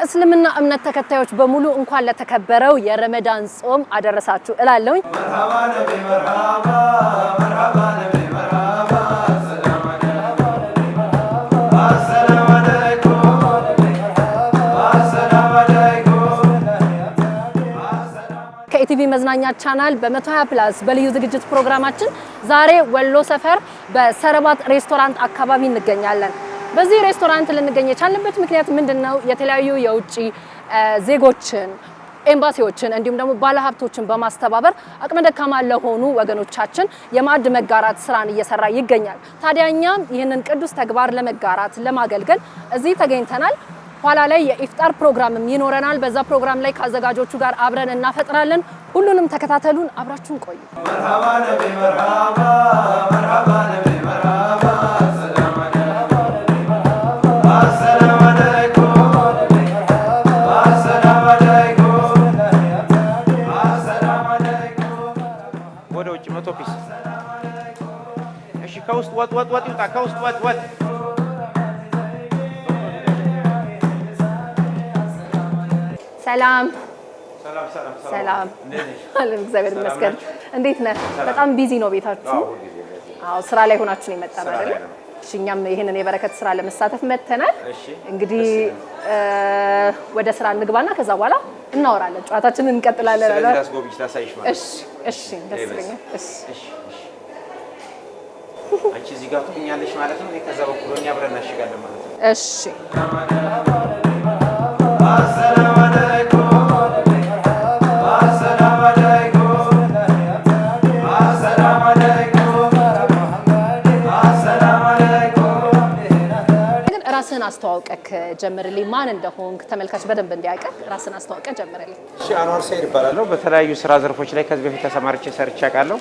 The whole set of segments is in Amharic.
የእስልምና እምነት ተከታዮች በሙሉ እንኳን ለተከበረው የረመዳን ጾም አደረሳችሁ እላለሁኝ። ከኢቲቪ መዝናኛ ቻናል በ120 ፕላስ በልዩ ዝግጅት ፕሮግራማችን ዛሬ ወሎ ሰፈር በሰረባት ሬስቶራንት አካባቢ እንገኛለን። በዚህ ሬስቶራንት ልንገኝ የቻልንበት ምክንያት ምንድን ነው? የተለያዩ የውጭ ዜጎችን ኤምባሲዎችን እንዲሁም ደግሞ ባለሀብቶችን በማስተባበር አቅመ ደካማ ለሆኑ ወገኖቻችን የማዕድ መጋራት ስራን እየሰራ ይገኛል። ታዲያ እኛም ይህንን ቅዱስ ተግባር ለመጋራት ለማገልገል እዚህ ተገኝተናል። ኋላ ላይ የኢፍጣር ፕሮግራምም ይኖረናል። በዛ ፕሮግራም ላይ ከአዘጋጆቹ ጋር አብረን እናፈጥራለን። ሁሉንም ተከታተሉን፣ አብራችሁን ቆዩ። ወጥ ወጥ ወጥ ይውጣ ከውስጥ ወጥ ወጥ ሰላም ሰላም፣ እግዚአብሔር ይመስገን። እንዴት ነህ? በጣም ቢዚ ነው ቤታችሁ? አዎ፣ ስራ ላይ ሆናችሁ ነው የመጣ አይደል? እሺ፣ እኛም ይሄንን የበረከት ስራ ለመሳተፍ መተናል። እንግዲህ ወደ ስራ እንግባና ከዛ በኋላ እናወራለን፣ ጨዋታችንን እንቀጥላለን። እሺ፣ እሺ፣ ደስ ይለኛል። እሺ አንቺ እዚህ ጋር ትቆኛለሽ ማለት ነው። ከዛ በኩል ሆኜ አብረን እናሽጋለን ማለት ነው። እሺ አሰላም ጀምርልኝ። ማን እንደሆንክ ተመልካች በደንብ እንዲያውቅህ ራስህን አስተዋውቀህ ጀምርልኝ። እሺ፣ አንዋር ሰይድ ይባላለሁ። በተለያዩ ስራ ዘርፎች ላይ ከዚህ በፊት ተሰማርቼ ሰርቼ አውቃለሁ።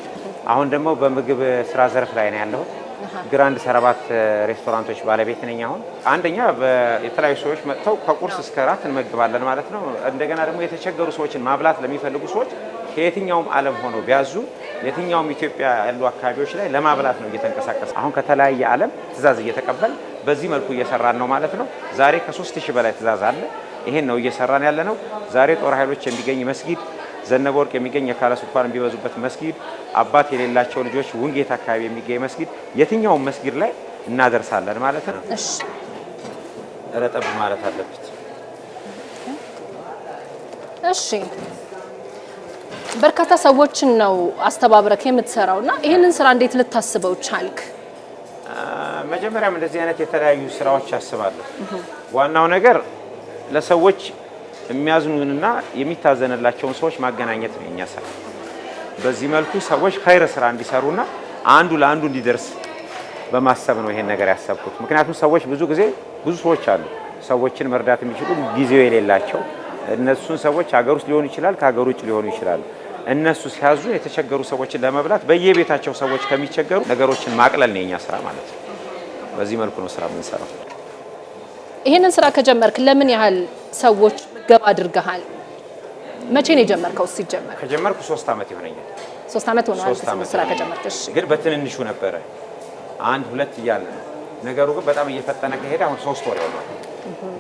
አሁን ደግሞ በምግብ ስራ ዘርፍ ላይ ነው ያለሁት። ግራንድ ሰረባት ሬስቶራንቶች ባለቤት ነኝ። አሁን አንደኛ የተለያዩ ሰዎች መጥተው ከቁርስ እስከ ራት እንመግባለን ማለት ነው። እንደገና ደግሞ የተቸገሩ ሰዎችን ማብላት ለሚፈልጉ ሰዎች ከየትኛውም ዓለም ሆነው ቢያዙ የትኛውም ኢትዮጵያ ያሉ አካባቢዎች ላይ ለማብላት ነው እየተንቀሳቀስ አሁን ከተለያየ ዓለም ትእዛዝ እየተቀበል በዚህ መልኩ እየሰራን ነው ማለት ነው። ዛሬ ከ3000 በላይ ትእዛዝ አለ። ይሄን ነው እየሰራን ያለ ነው። ዛሬ ጦር ኃይሎች የሚገኝ መስጊድ ዘነበ ወርቅ የሚገኝ የካለ ሱልጣን የሚበዙበት መስጊድ፣ አባት የሌላቸው ልጆች ውንጌት አካባቢ የሚገኝ መስጊድ፣ የትኛውን መስጊድ ላይ እናደርሳለን ማለት ነው። ረጠብ ማለት አለበት። እሺ በርካታ ሰዎችን ነው አስተባብረክ የምትሰራው እና ይህንን ስራ እንዴት ልታስበው ቻልክ? መጀመሪያም እንደዚህ አይነት የተለያዩ ስራዎች አስባለሁ። ዋናው ነገር ለሰዎች የሚያዝኑንና የሚታዘንላቸውን ሰዎች ማገናኘት ነው የኛ ስራ። በዚህ መልኩ ሰዎች ኸይር ስራ እንዲሰሩና አንዱ ለአንዱ እንዲደርስ በማሰብ ነው ይሄን ነገር ያሰብኩት። ምክንያቱም ሰዎች ብዙ ጊዜ ብዙ ሰዎች አሉ ሰዎችን መርዳት የሚችሉ ጊዜው የሌላቸው እነሱን ሰዎች ሀገር ውስጥ ሊሆኑ ይችላል፣ ከሀገር ውጭ ሊሆኑ ይችላሉ። እነሱ ሲያዙ የተቸገሩ ሰዎችን ለመብላት በየቤታቸው ሰዎች ከሚቸገሩ ነገሮችን ማቅለል ነው የኛ ስራ ማለት ነው። በዚህ መልኩ ነው ስራ የምንሰራው። ይህንን ስራ ከጀመርክ ለምን ያህል ሰዎች ገብ አድርገሃል። መቼ ነው የጀመርከው? ሲጀመር ከጀመርኩ ሶስት ዓመት ይሆነኛል። ሶስት ዓመት ሆኗል ስራ ከጀመርክ። ግን በትንንሹ ነበረ አንድ ሁለት እያለ ነው ነገሩ። ግን በጣም እየፈጠነ ከሄደ አሁን ሶስት ወር ሆኗል።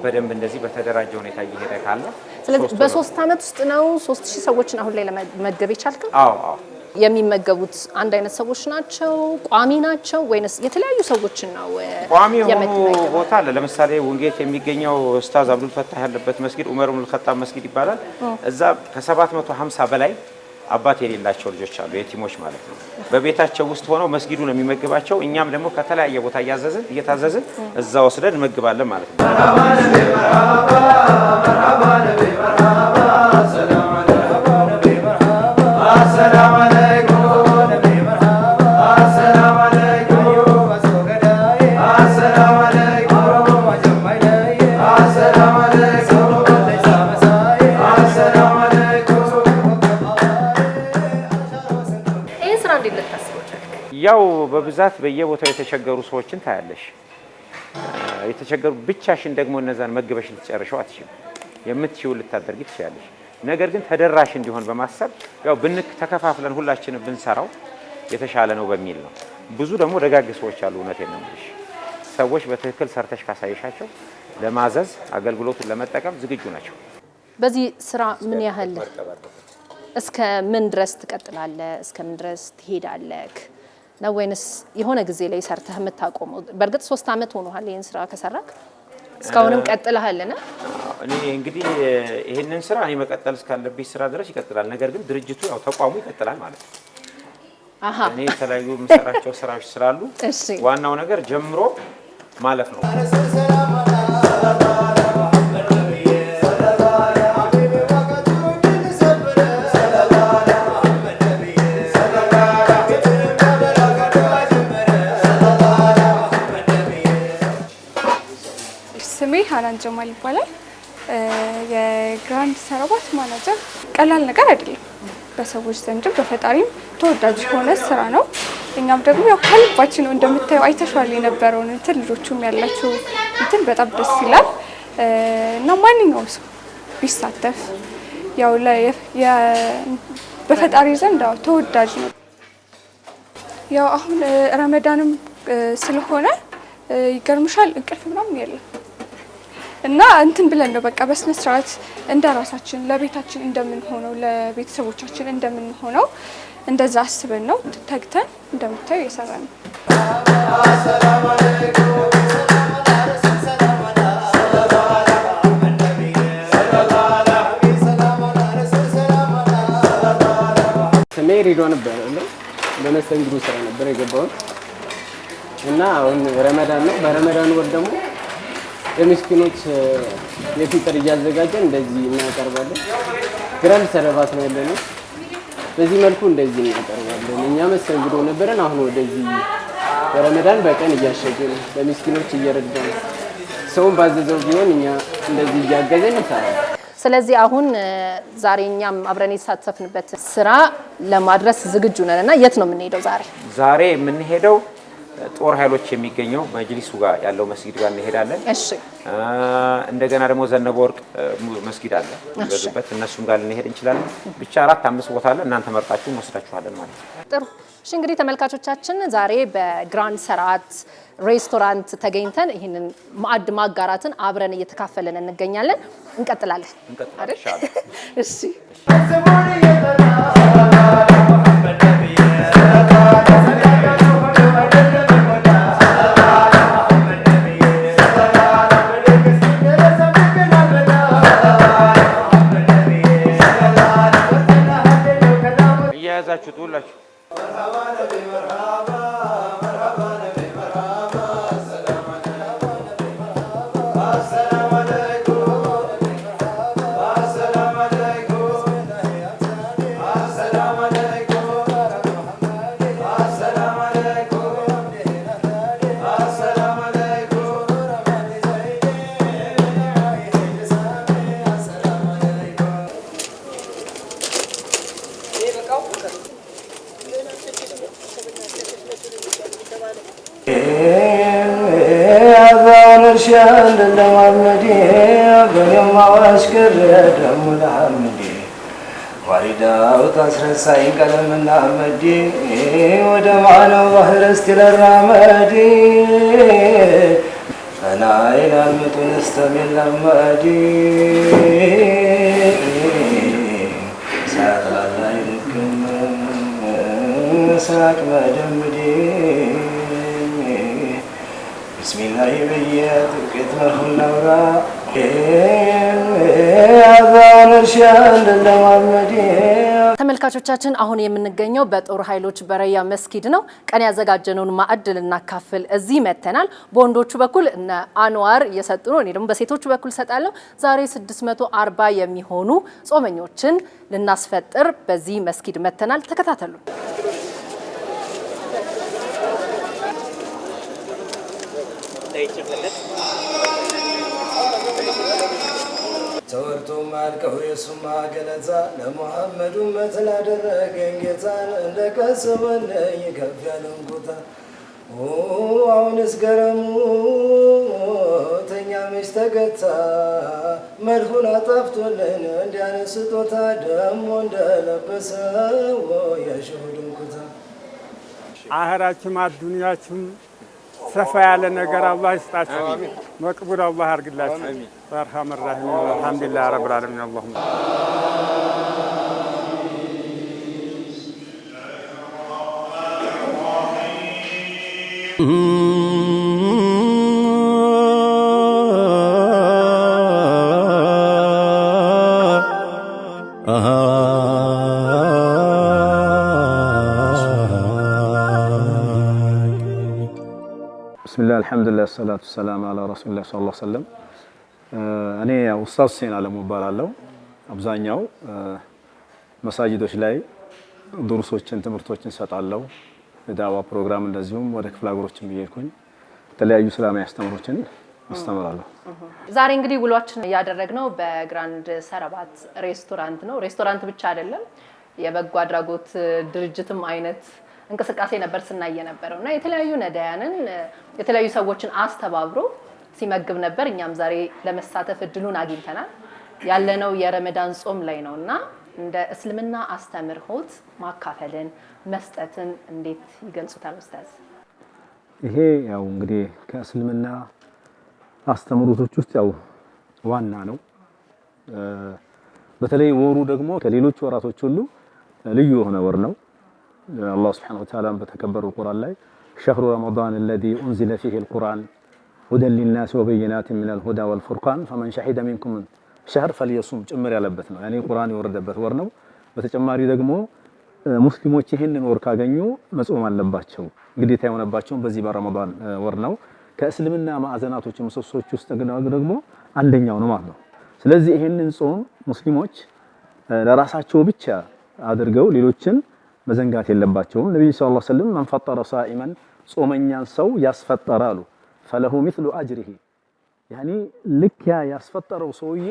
በደንብ እንደዚህ በተደራጀ ሁኔታ እየሄደ ካለ ስለዚህ በሶስት ዓመት ውስጥ ነው ሶስት ሺህ ሰዎችን አሁን ላይ ለመመገብ የቻልከው? አዎ አዎ የሚመገቡት አንድ አይነት ሰዎች ናቸው? ቋሚ ናቸው ወይስ የተለያዩ ሰዎችን ነው? ቋሚ የሆኑ ቦታ አለ። ለምሳሌ ውንጌት የሚገኘው ኡስታዝ አብዱልፈታህ ያለበት መስጊድ ዑመር ብኑል ኸጣብ መስጊድ ይባላል። እዛ ከ750 በላይ አባት የሌላቸው ልጆች አሉ፣ የቲሞች ማለት ነው። በቤታቸው ውስጥ ሆነው መስጊዱ ነው የሚመግባቸው። እኛም ደግሞ ከተለያየ ቦታ እያዘዝን እየታዘዝን እዛ ወስደን እንመግባለን ማለት ነው። በብዛት በየቦታው የተቸገሩ ሰዎችን ታያለሽ። የተቸገሩ ብቻሽን ደግሞ እነዛን መግበሽ ልትጨርሸው አትችልም። የምትችው ልታደርጊ ትችላለሽ። ነገር ግን ተደራሽ እንዲሆን በማሰብ ያው ብንክ ተከፋፍለን ሁላችንም ብንሰራው የተሻለ ነው በሚል ነው። ብዙ ደግሞ ደጋግ ሰዎች አሉ። እውነቴን ነው ሰዎች በትክክል ሰርተሽ ካሳየሻቸው ለማዘዝ አገልግሎቱን ለመጠቀም ዝግጁ ናቸው። በዚህ ስራ ምን ያህል እስከ ምን ድረስ ትቀጥላለህ? እስከ ምን ድረስ ትሄዳለህ? ነው ወይንስ የሆነ ጊዜ ላይ ሰርተህ የምታቆመው? በእርግጥ ሶስት አመት ሆኗል ይህን ስራ ከሰራክ እስካሁንም ቀጥልሃል። እኔ እንግዲህ ይህንን ስራ እኔ መቀጠል እስካለብኝ ስራ ድረስ ይቀጥላል። ነገር ግን ድርጅቱ ያው ተቋሙ ይቀጥላል ማለት ነው። እኔ የተለያዩ የምሰራቸው ስራዎች ስላሉ ዋናው ነገር ጀምሮ ማለፍ ነው። ጀማል ይባላል። የግራንድ ሰረባት ማናጀር ቀላል ነገር አይደለም። በሰዎች ዘንድም በፈጣሪም ተወዳጅ የሆነ ስራ ነው። እኛም ደግሞ ያው ከልባችን ነው እንደምታየው አይተሻል የነበረውን እንትን ልጆቹም ያላቸው እንትን በጣም ደስ ይላል እና ማንኛውም ሰው ቢሳተፍ ያው በፈጣሪ ዘንድ ተወዳጅ ነው። ያው አሁን ረመዳንም ስለሆነ ይገርምሻል እንቅልፍ ምናምን የለም እና እንትን ብለን ነው በቃ በስነ ስርዓት እንደ ራሳችን ለቤታችን እንደምንሆነው ለቤተሰቦቻችን እንደምንሆነው እንደዛ አስበን ነው ተግተን እንደምታዩ የሰራ ነው። ስሜ ሪድዋን በመስተንግዶ ስራ ነበር የገባውን እና አሁን ረመዳን ነው። በረመዳን ወር ደግሞ የምስኪኖች የፍጥር እያዘጋጀን እንደዚህ እናቀርባለን። ግራንድ ሰረባት ነው ነው። በዚህ መልኩ እንደዚህ እናቀርባለን። እኛ መስተንግዶ ነበረን። አሁን ወደዚህ በረመዳን በቀን እያሸግን ለምስኪኖች ነው። ሰውን ባዘዘው ቢሆን እኛ እንደዚህ እያገዘን ይሰራል። ስለዚህ አሁን ዛሬ እኛም አብረን የተሳተፍንበት ስራ ለማድረስ ዝግጁ ነን እና የት ነው የምንሄደው ዛሬ? ዛሬ የምንሄደው ጦር ኃይሎች የሚገኘው መጅሊሱ ጋር ያለው መስጊድ ጋር እንሄዳለን። እንደገና ደግሞ ዘነበ ወርቅ መስጊድ አለ የሚገዙበት እነሱም ጋር ልንሄድ እንችላለን። ብቻ አራት አምስት ቦታ አለ። እናንተ መርጣችሁ እንወስዳችኋለን ማለት ነው። ጥሩ እሺ። እንግዲህ ተመልካቾቻችን ዛሬ በግራንድ ሰርዓት ሬስቶራንት ተገኝተን ይህንን ማዕድ ማጋራትን አብረን እየተካፈለን እንገኛለን። እንቀጥላለን እንቀጥላለን። እሺ la cuatro محمد በደማ አስገረ ደሙ ለሐምዴ ዋሪዳውት አስረሳኝ ቀለምና መዴ ወደ ማነው ባህረ ስትለራመዴ ፈናይን አልምጡን እስተሚለመዴ ሳቅ ላላይ ልክም ሳቅ መደምዴ ተመልካቾቻችን አሁን የምንገኘው በጦር ኃይሎች በረያ መስጊድ ነው። ቀን ያዘጋጀነውን ማዕድ ልናካፍል እዚህ መተናል። በወንዶቹ በኩል እነ አንዋር እየሰጡ ነው፣ እኔ ደግሞ በሴቶቹ በኩል እሰጣለሁ። ዛሬ 640 የሚሆኑ ጾመኞችን ልናስፈጥር በዚህ መስጊድ መተናል። ተከታተሉ። ተይጭበት ተወርቶም አልቀው የሱማ ገለጻ ለሙሐመዱ መትን አደረገኝ ጌታን እንደ ቀሰበለኝ ከፍ ያለን ቦታ አሁንስ ገረሙ ተኛ መች ተገታ መድሁን አጣፍቶልን እንዲያነ ስጦታ ደሞ እንደለበሰው የሽሁድን ኩታ አህራችም አዱንያችም ሰፋ ያለ ነገር አላህ ይስጣችሁ፣ መቅቡል አላህ አድርግላችሁ። አርሐም ራሒም አልሐምዱሊላህ ረብል ዓለሚን አላሁም Ah አልሐምዱሊላህ ሰላቱ ሰላም አላ ረሱሊላህ ሰለላሁ ዐለይሂ ወሰለም። እኔ ኡስታዝ ሁሴን አለሙ እባላለሁ። አብዛኛው መሳጅዶች ላይ ድሩሶችን ትምህርቶችን ሰጣለሁ። የዳዋ ፕሮግራም እንደዚሁም ወደ ክፍለ ሀገሮችም እየሄድኩኝ የተለያዩ እስላማዊ አስተምሮችን አስተምራለሁ። ዛሬ እንግዲህ ውሏችን እያደረግነው በግራንድ ሰረባት ሬስቶራንት ነው። ሬስቶራንት ብቻ አይደለም የበጎ አድራጎት ድርጅትም አይነት እንቅስቃሴ ነበር ስናይ የነበረው እና የተለያዩ ነዳያንን የተለያዩ ሰዎችን አስተባብሮ ሲመግብ ነበር። እኛም ዛሬ ለመሳተፍ እድሉን አግኝተናል። ያለነው የረመዳን ጾም ላይ ነው እና እንደ እስልምና አስተምህሮት ማካፈልን መስጠትን እንዴት ይገልጹታል ኡስታዝ? ይሄ ያው እንግዲህ ከእስልምና አስተምህሮቶች ውስጥ ያው ዋና ነው። በተለይ ወሩ ደግሞ ከሌሎች ወራቶች ሁሉ ልዩ የሆነ ወር ነው። አላህ ሱብሓነሁ ወተዓላ በተከበረው ቁርአን ላይ ሸህሩ ረመዳን አለዚ ኡንዚለ ፊሂል ቁርአን ሁደን ሊናስ ወበይናቲን ሚነል ሁዳ ወልፉርቃን ፈመን ሸሂደ ሚንኩም ሸህር ፈልየሱም ጭምር ያለበት ነው። ያኔ ቁርአን የወረደበት ወር ነው። በተጨማሪ ደግሞ ሙስሊሞች ይህንን ወር ካገኙ መጾም አለባቸው፣ ግዴታ የሆነባቸውም በዚህ በረመዳን ወር ነው። ከእስልምና ማዕዘናቶች ምሰሶች ውስጥ ደግሞ አንደኛው ነው ማለት ነው። ስለዚህ ይህንን ጾም ሙስሊሞች ለራሳቸው ብቻ አድርገው ሌሎችን መዘንጋት የለባቸውም። ነቢዩ ስ ላ ስለም መንፈጠረ ሳኢመን ጾመኛን ሰው ያስፈጠረ አሉ ፈለሁ ሚስሉ አጅሪሂ ያኔ ልክ ያ ያስፈጠረው ሰውዬ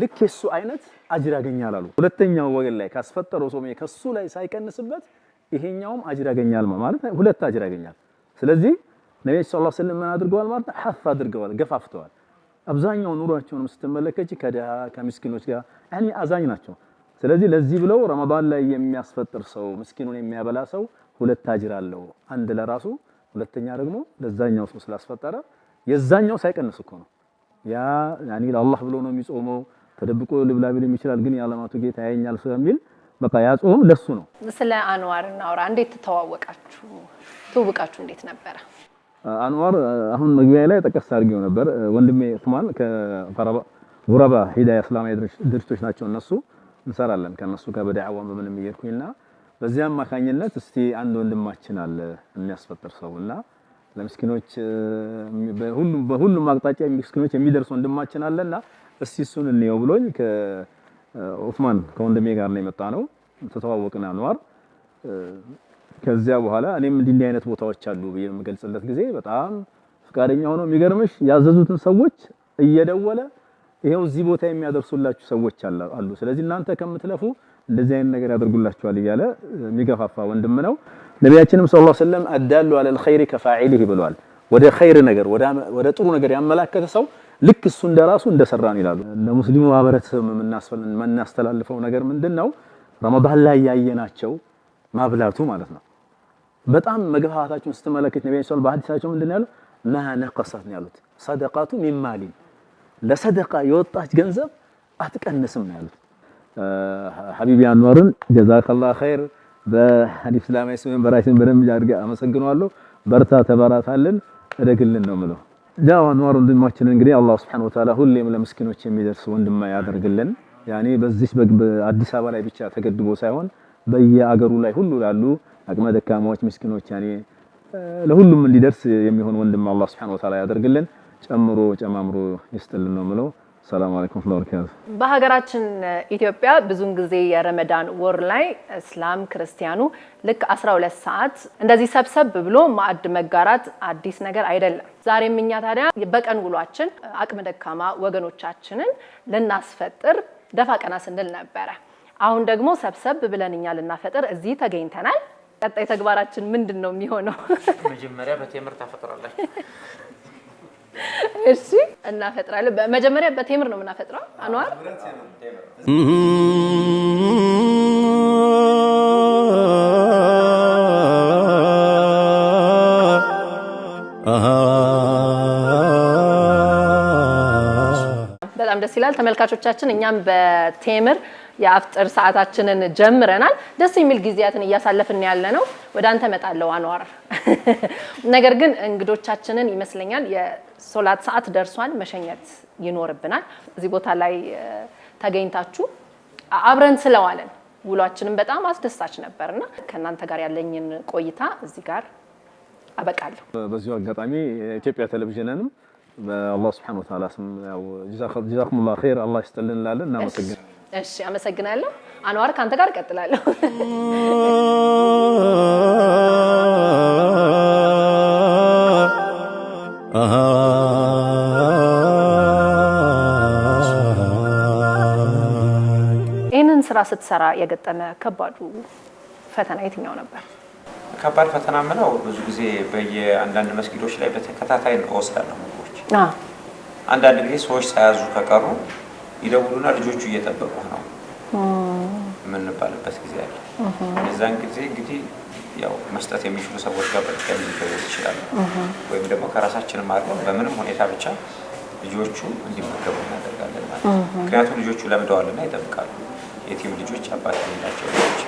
ልክ የሱ አይነት አጅር ያገኛል አሉ። ሁለተኛው ወገን ላይ ካስፈጠረው ሰውዬ ከሱ ላይ ሳይቀንስበት ይሄኛውም አጅር ያገኛል ማለት ሁለት አጅር ያገኛል። ስለዚህ ነቢዩ ስ ላ ስለም ምን አድርገዋል ማለት ሐፍ አድርገዋል፣ ገፋፍተዋል። አብዛኛው ኑሯቸውንም ስትመለከች ከድሃ ከሚስኪኖች ጋር ያኔ አዛኝ ናቸው። ስለዚህ ለዚህ ብለው ረመዳን ላይ የሚያስፈጥር ሰው ምስኪኑን የሚያበላ ሰው ሁለት አጅር አለው። አንድ ለራሱ ሁለተኛ ደግሞ ለዛኛው ሰው ስላስፈጠረ የዛኛው ሳይቀንስ እኮ ነው። ያ ያኒ ለአላህ ብሎ ነው የሚጾመው። ተደብቆ ልብላ ቢልም ይችላል፣ ግን የዓለማቱ ጌታ ያየኛል ስለሚል በቃ ያ ጾም ለሱ ነው። ስለ አንዋር እናውራ። እንዴት ተተዋወቃችሁ? ትውውቃችሁ እንዴት ነበረ? አንዋር አሁን መግቢያ ላይ ጠቀስ አድርጌው ነበር። ወንድሜ ኡስማን ከጉረባ ሂዳያ እስላማዊ ድርጅቶች ናቸው እነሱ እንሰራለን ከነሱ ጋር በዳዕዋም በምንም እየሄድኩኝና በዚያ አማካኝነት እስቲ አንድ ወንድማችን አለ የሚያስፈጥር ሰውና ለምስኪኖች በሁሉም በሁሉም አቅጣጫ ምስኪኖች የሚደርስ ወንድማችን አለና እስቲ እሱን እንየው ብሎኝ ከኡስማን ከወንድሜ ጋር ነው የመጣ ነው ተተዋወቅን አንዋር ከዚያ በኋላ እኔም እንዲህ አይነት ቦታዎች አሉ ብዬ የምገልጽለት ጊዜ በጣም ፍቃደኛ ሆኖ የሚገርምሽ ያዘዙትን ሰዎች እየደወለ ይሄው እዚህ ቦታ የሚያደርሱላችሁ ሰዎች አሉ። ስለዚህ እናንተ ከምትለፉ እንደዚህ አይነት ነገር ያደርጉላችኋል እያለ የሚገፋፋ ወንድም ነው። ነቢያችንም ሰለላሁ ዐለይሂ ወሰለም አዳሉ አለል ኸይር ከፋዒሊሂ ብለዋል። ወደ ኸይር ነገር ወደ ጥሩ ነገር ያመላከተ ሰው ልክ እሱ እንደራሱ እንደሰራ ነው ይላሉ። ለሙስሊሙ ማህበረሰብ የምናስተላልፈው ነገር ምንድን ነው? ረመዳን ላይ ያየናቸው ማብላቱ ማለት ነው። በጣም መግፋታቸውን ስትመለከት ነቢያችን በሐዲሳቸው ምንድን ነው ያሉት? ማ ነቀሰት ነው ያሉት ሰደቃቱ ሚማሊን ለሰደቃ የወጣች ገንዘብ አትቀንስም ነው ያሉት። ሐቢቢ አንዋርን ጀዛከላህ ኸይር። በሐዲስ እስላማዊ ስሜን በራሴን በደንብ አድርጌ አመሰግነዋለሁ። በርታ፣ ተበራታልን፣ እደግልን ነው ምለው ጃዋ አንዋር ወንድማችንን እንግዲህ አላህ ሱብሓነሁ ወተዓላ ሁሌም ለምስኪኖች የሚደርስ ወንድማ ያደርግልን። ያኔ በዚህ አዲስ አበባ ላይ ብቻ ተገድቦ ሳይሆን በየአገሩ ላይ ሁሉ ላሉ አቅመ ደካማዎች ምስኪኖች፣ ያኔ ለሁሉም እንዲደርስ የሚሆን ወንድማ አላህ ሱብሓነሁ ወተዓላ ያደርግልን። ጨምሮ ጨማምሮ ይስጥልን ነው ምለው። ሰላም አለይኩም ፍሎርካዝ። በሀገራችን ኢትዮጵያ ብዙውን ጊዜ የረመዳን ወር ላይ እስላም ክርስቲያኑ ልክ 12 ሰዓት እንደዚህ ሰብሰብ ብሎ ማዕድ መጋራት አዲስ ነገር አይደለም። ዛሬም እኛ ታዲያ በቀን ውሏችን አቅመ ደካማ ወገኖቻችንን ልናስፈጥር ደፋ ቀና ስንል ነበረ። አሁን ደግሞ ሰብሰብ ብለን እኛ ልናፈጥር እዚህ ተገኝተናል። ቀጣይ ተግባራችን ምንድን ነው የሚሆነው? መጀመሪያ በቴምር ታፈጥራላችሁ እሺ እናፈጥራለን። በመጀመሪያ በቴምር ነው የምናፈጥረው። አንዋር በጣም ደስ ይላል። ተመልካቾቻችን እኛም በቴምር የአፍጥር ሰዓታችንን ጀምረናል። ደስ የሚል ጊዜያትን እያሳለፍን ያለ ነው። ወደ አንተ መጣለው አኗር። ነገር ግን እንግዶቻችንን ይመስለኛል የሶላት ሰዓት ደርሷል፣ መሸኘት ይኖርብናል። እዚህ ቦታ ላይ ተገኝታችሁ አብረን ስለዋለን ውሏችንም በጣም አስደሳች ነበርና ከእናንተ ጋር ያለኝን ቆይታ እዚህ ጋር አበቃለሁ። በዚሁ አጋጣሚ ኢትዮጵያ ቴሌቪዥንንም በአላህ ስብሐነ ወተዓላ ስም ጀዛኩሙላህ ኸይር አላህ ይስጥልን እንላለን። እናመሰግናለን። እሺ አመሰግናለሁ። አንዋር ከአንተ ጋር እቀጥላለሁ። ይህንን ስራ ስትሰራ የገጠመ ከባዱ ፈተና የትኛው ነበር? ከባድ ፈተና ምነው ብዙ ጊዜ በየአንዳንድ መስጊዶች ላይ በተከታታይ እንወስዳለን ምግቦች። አንዳንድ ጊዜ ሰዎች ሳያዙ ከቀሩ ይደውሉና ልጆቹ እየጠበቁ ነው የምንባልበት ጊዜ አለ። የዛን ጊዜ እንግዲህ ያው መስጠት የሚችሉ ሰዎች ጋር በድጋሚ ሊደውል ይችላሉ። ወይም ደግሞ ከራሳችንም አድርገን በምንም ሁኔታ ብቻ ልጆቹ እንዲመገቡ እናደርጋለን ማለት ነው። ምክንያቱም ልጆቹ ለምደዋልና ይጠብቃሉ። የቲም ልጆች አባት የሌላቸው ልጆች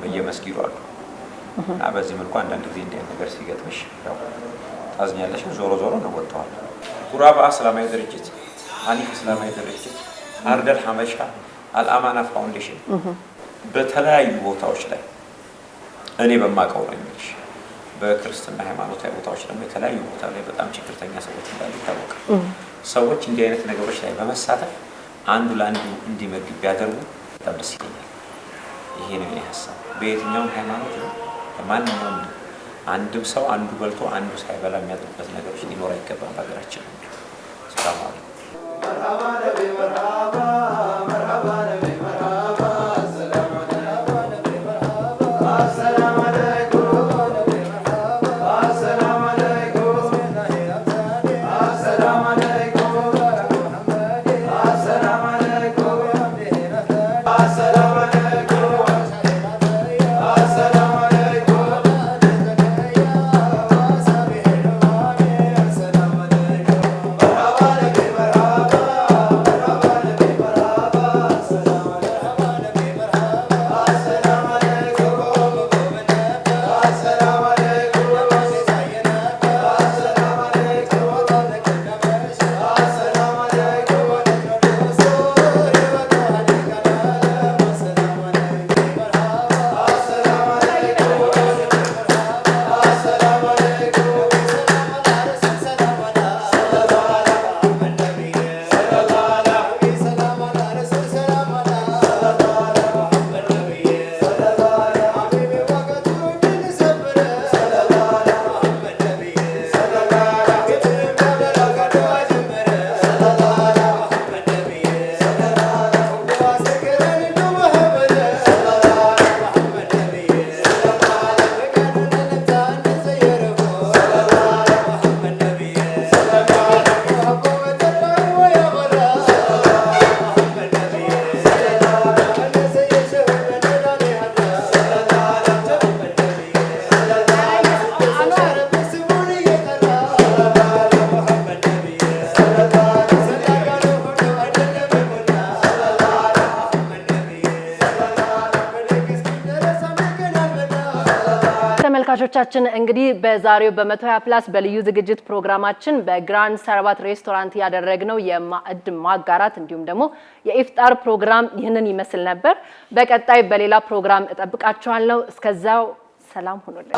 በየመስጊዱ አሉ እና በዚህ መልኩ አንዳንድ ጊዜ እንዲህ ነገር ሲገጥምሽ ያው ታዝኛለሽ። ዞሮ ዞሮ ወጥተዋል። ጉራባ ሰላማዊ ድርጅት ሀኒፍ እስላማዊ ድርጅት፣ አርደል ሀመሻ፣ አልአማና ፋውንዴሽን በተለያዩ ቦታዎች ላይ እኔ በማውቀው ነው የሚልሽ በክርስትና ሃይማኖታዊ ቦታዎች ደግሞ የተለያዩ ቦታ ላይ በጣም ችግርተኛ ሰዎች እንዳሉ ይታወቃል። ሰዎች እንዲህ አይነት ነገሮች ላይ በመሳተፍ አንዱ ለአንዱ እንዲመግብ ቢያደርጉ በጣም ደስ ይለኛል። ይሄ ነው የእኔ ሀሳብ። በየትኛውም ሃይማኖት በማንኛውም አንድም ሰው አንዱ በልቶ አንዱ ሳይበላ የሚያድርበት ነገሮች ሊኖር አይገባም በሀገራችን። ሰላም Amara Viva Rama. ተመልካቾቻችን እንግዲህ በዛሬው በመቶ ሀያ ፕላስ በልዩ ዝግጅት ፕሮግራማችን በግራንድ ሰርባት ሬስቶራንት ያደረግነው የማዕድ ማጋራት እንዲሁም ደግሞ የኢፍጣር ፕሮግራም ይህንን ይመስል ነበር። በቀጣይ በሌላ ፕሮግራም እጠብቃችኋለሁ። እስከዛው ሰላም ሁኑልን።